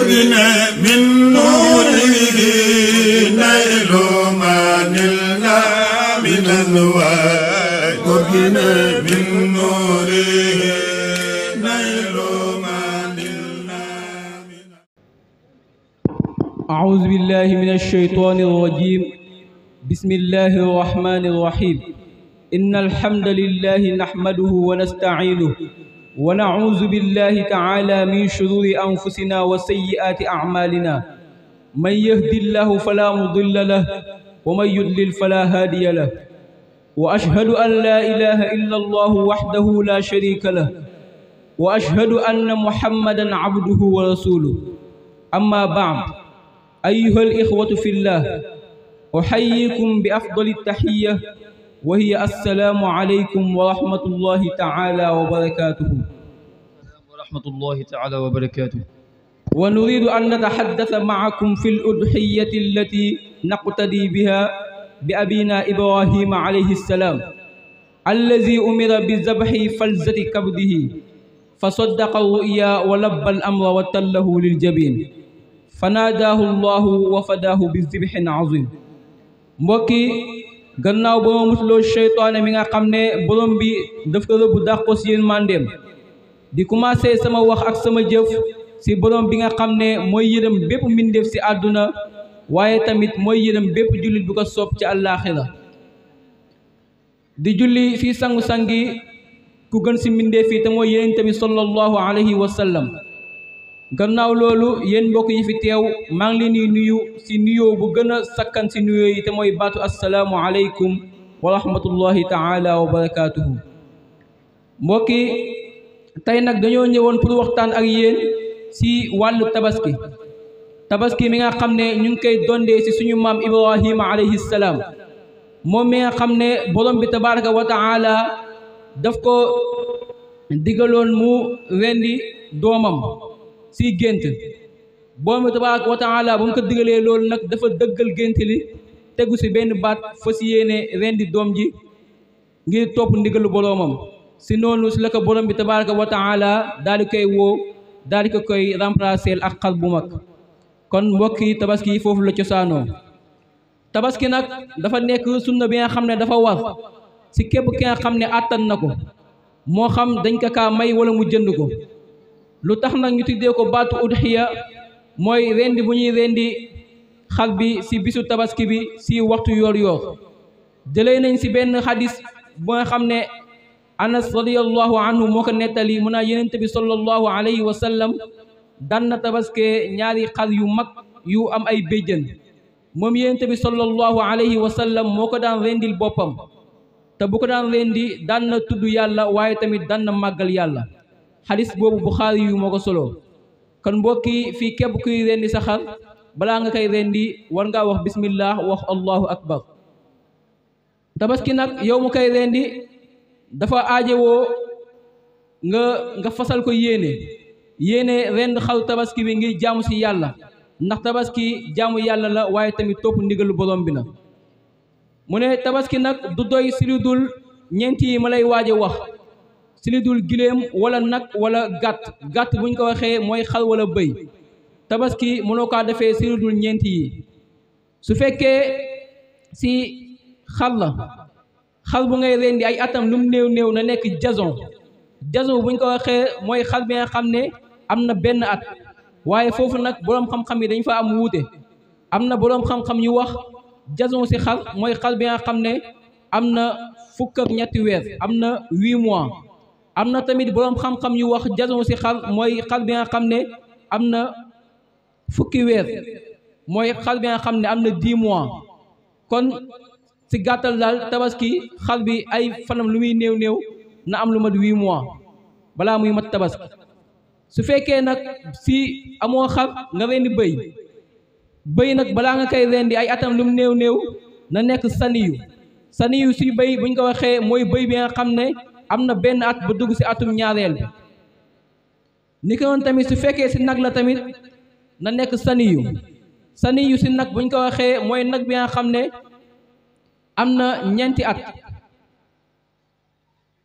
نورنا من نوره نيل من الله من الوعي نورنا من نوره نيل من أعوذ بالله من الشيطان الرجيم بسم الله الرحمن الرحيم إن الحمد لله نحمده ونستعينه ونعوذ بالله تعالى من شرور أنفسنا وسيئات أعمالنا من يهدي الله فلا مضل له ومن يضلل فلا هادي له وأشهد أن لا إله إلا الله وحده لا شريك له وأشهد أن محمدا عبده ورسوله أما بعد أيها الإخوة في الله أحييكم بأفضل التحية wa hiya assalaamu aleykum wa rahmatullahi taala wa barakatuhu wa rahmatullahi taala wa barakatuhu wa nuridu an nataxaddasa maakum fi l udxiyati allati naqtadi biha bi abina ibrahima alayhi salaam allazi umira bi zabaxi falzati kabdihi fa saddaqa ru'ya wa labba al amra wa tallahu liljabin fa naadaahu llahu wa fadaahu bi zibxin azim mbokki gannaaw ba ma musuloo seytaane mi nga xam ne borom bi daf ko rëbb dàq ko si di commencé sama wax ak sama jëf si borom bi nga xam ne mooy yërëm bépp mbindeef si àdduna waaye tamit mooy yërëm bépp jullit bu ko soob ci àllaaxira di julli fii sangu-sangi ku gën si mbindeef yi te mooy yéen tamit sallallahu alayhi wa sallam gannaaw loolu yéen mbokk yi fi teew maa ngi leen di nuyu si nuyoo bu gën a sakkan si nuyoo yi te mooy baatu asalaamu aleykum wa rahmatullahi taala wa barakaatuhu mbokk yi tey nag dañoo ñëwoon pour waxtaan ak yéen si wàllu tabaski tabaski mi nga xam ne ñu ngi koy dondee si suñu maam ibrahima alayhi salaam moom mi nga xam ne borom bi tabaraka wa taala daf ko digaloon mu rendi doomam si gént borom bi tabaaraka wa taala ba mu ko digalee loolu nag dafa dëggal gént li tegu si benn baat fas yéene rendi doom ji ngir topp ndigalu boroomam si noonu si la ko borom bi tabaaraka wa taala daal di koy woo daal di ko koy remplacer ak xar bu mag kon mbokk yi tabaski foofu la cosaanoo tabaski nag dafa nekk sunna bi nga xam ne dafa war si képp ki nga xam ne àttan na ko moo xam dañ ko kaa may wala mu jënd ko lu tax nag ñu tuddee ko baatu udhiya mooy rendi bu ñuy rendi xar bi si bisu tabaski bi si waxtu yoor yoor jëlee nañ si benn xadis bu xam ne anas radiallahu anhu moo ko nettali mun naa yenente bi sallallahu alayhi wa sallam daan na tabaskee ñaari xar yu mag yu am ay béjjën moom yenente bi sallallahu alayhi wa sallam moo ko daan rendil boppam te bu ko daan rendi daan na tudd yàlla waaye tamit daan na màggal yàlla xadis boobu buxaari yu moo ko soloo kon mbokki fii képp kuy rendi sa xar balaa nga koy rendi war ngaa wax bismillah wax allahu akbar tabaski nag yow mu koy rendi dafa woo nga nga fasal ko yéene yéene rend xaru tabaski bi ngir jaamu si yàlla ndax tabaski jaamu yàlla la waaye tamit topp ndigalu borom bi la mu ne tabaski nag du doy si dul ñeenti yi ma lay waaj a wax si li giléem wala nag wala gàtt gàtt buñ ko waxee mooy xal wala bëy tabaski mënoo kaa defee si li ñeent yi su fekkee si xal la xal bu ngay di ay atam lu néew néew na nekk jason jason buñ ko waxee mooy xal bi nga xam ne am na benn at waaye foofu nag boroom xam-xam yi dañ fa am wuute am na boroom xam-xam yu wax jason si xal mooy xal bi nga xam ne am na fukk ak ñetti weer am na huit mois am na tamit boroom xam-xam yu wax jason si xal mooy xal bi nga xam ne am na fukki weer mooy xal bi nga xam ne am na di mois kon si gàttal daal tabaski xal bi ay fanam lu muy néew néew na am lu mat wi mois balaa muy mat tabaski su fekkee nag si amoo xar nga rendi bëy bëy nag balaa nga koy rendi ay atam lu mu néew néew na nekk saniyu yu si bëy buñ ko waxee mooy bëy bi nga xam ne am na benn at ba dugg si atum ñaareel bi ni ko tamit su fekkee si nag la tamit na nekk saniyu saniyu si nag buñ ko waxee mooy nag bi nga xam ne am na ñeenti at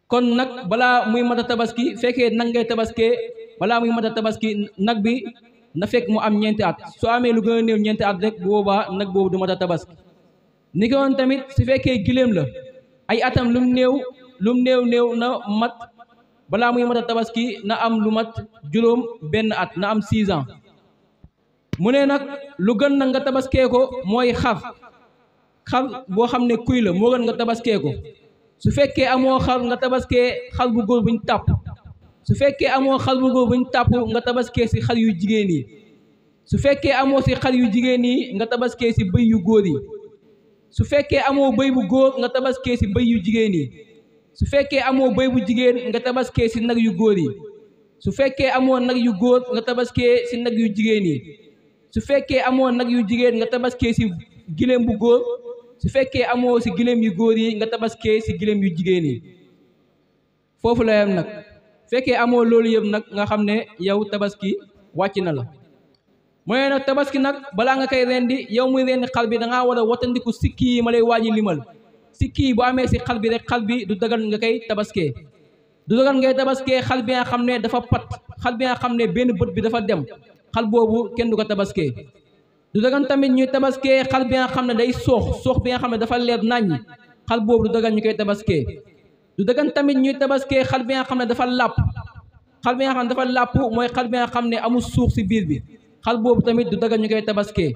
kon nag balaa muy mat a tabaski fekkee nag ngay tabaskee balaa muy mat a tabaski nag bi na fekk mu am ñeenti at soo amee lu gën a néew ñeenti at rek boobaa nag boobu du mat a tabaski ni ko tamit su fekkee giléem la ay atam lu mu néew lu néew néew na mat balaa muy mat a tabaski na am lu mat juróom benn at na am six mu ne nag lu gën na nga tabaskee ko mooy xar xar boo xam ne kuy la moo gën nga tabaskee ko su fekkee amoo xar nga tabaskee xar bu góor buñ tàpp su fekkee amoo xar bu góor buñ tàpp nga tabaskee si xar yu jigéen yi su fekkee amoo si xar yu jigéen yi nga tabaskee si bëy yu góor yi su fekkee amoo bëy bu góor nga tabaskee si bëy yu jigéen yi su fekkee amoo bëy bu jigéen nga tabaskee si nag yu góor yi su fekkee amoo nag yu góor nga tabaskee si nag yu jigéen yi su fekkee amoo nag yu jigéen nga tabaskee si giléem bu góor su fekkee amoo si giléem yu góor yi nga tabaskee si giléem yu jigéen yi foofu la yem nag fekkee amoo loolu yëpp nag nga xam ne yow tabaski wàcc na la mu ne nag tabaski nag balaa nga koy rendi yow muy rendi xar bi da ngaa war a watandiku sikki yi ma lay wàññi limal si kii bu amee si xal bi rek xal bi du dagan nga koy tabaskee du dagan ngay tabaskee xal bi nga xam ne dafa pat xal bi nga xam ne benn bët bi dafa dem xal boobu kenn du ko tabaskee du dagan tamit ñuy tabaskee xal bi nga xam ne day soox soox bi nga xam ne dafa leer naññ xal boobu du ñu koy tabaskee du tamit ñuy tabaskee xal bi xam ne dafa làpp xal bi nga xam ne dafa làpp mooy xal bi nga xam ne amul suux si biir bi xal boobu tamit du dagan ñu koy tabaskee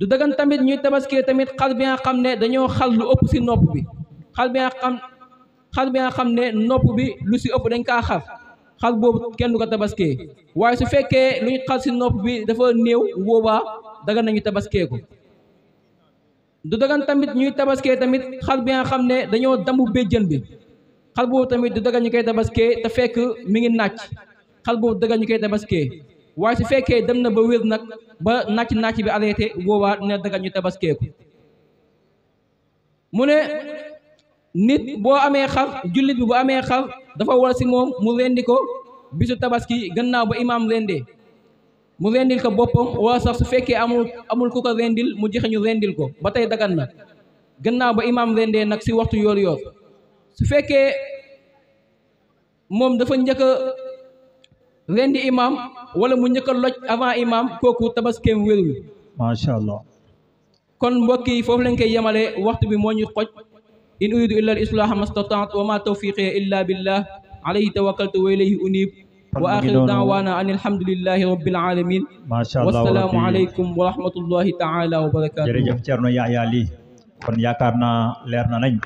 du dagan tamit ñuy tabaskee tamit xar bi nga xam ne dañoo xar lu ëpp si nopp bi xar bi nga xam ne nopp bi lu si ëpp dañ kaa xar xar boobu kenn du ko tabaskee waaye su fekkee lu ñu xar nopp bi dafa néew boobaa dagan nañu tabaskee ko du dagan tamit ñuy tabaskee tamit xar bi nga xam ne dañoo dambu béjjën bi xar boobu tamit du dagan ñu koy tabaskee te fekk mi ngi nàcc xar boobu dagan ñu koy tabaskee waaye su fekkee dem na ba wér nag ba nàcc nàcc bi arrêté boobaa dina daga ñu tabaskeeku mu ne nit boo amee xar jullit bi bu amee xar dafa war si moom mu rendi ko bisu tabaski gannaaw ba imaam rendee mu rendil ko boppam wala sax su fekkee amul amul ku ko rendil mu joxe ñu rendil ko ba tey dagan na gannaaw ba imaam rendee nag si waxtu yoor yoor su fekkee moom dafa njëkk rendi imaam wala mu njëkk a loj avant imaam kooku tabaskeem wérul macha allah kon mbokk yi foofu lañ koy yemale waxtu bi moo ñu xoj in uridu illa al islaha mastataat wa ma illa billah alayhi tawakkaltu wa ilayhi unib wa axiru daawaana an alhamdulillahi rabbil alamin macha allah wasalaamu aleykum wa rahmatullahi taala wa barakaatu jërëjëf Thierno Yahya Ly kon yaakaar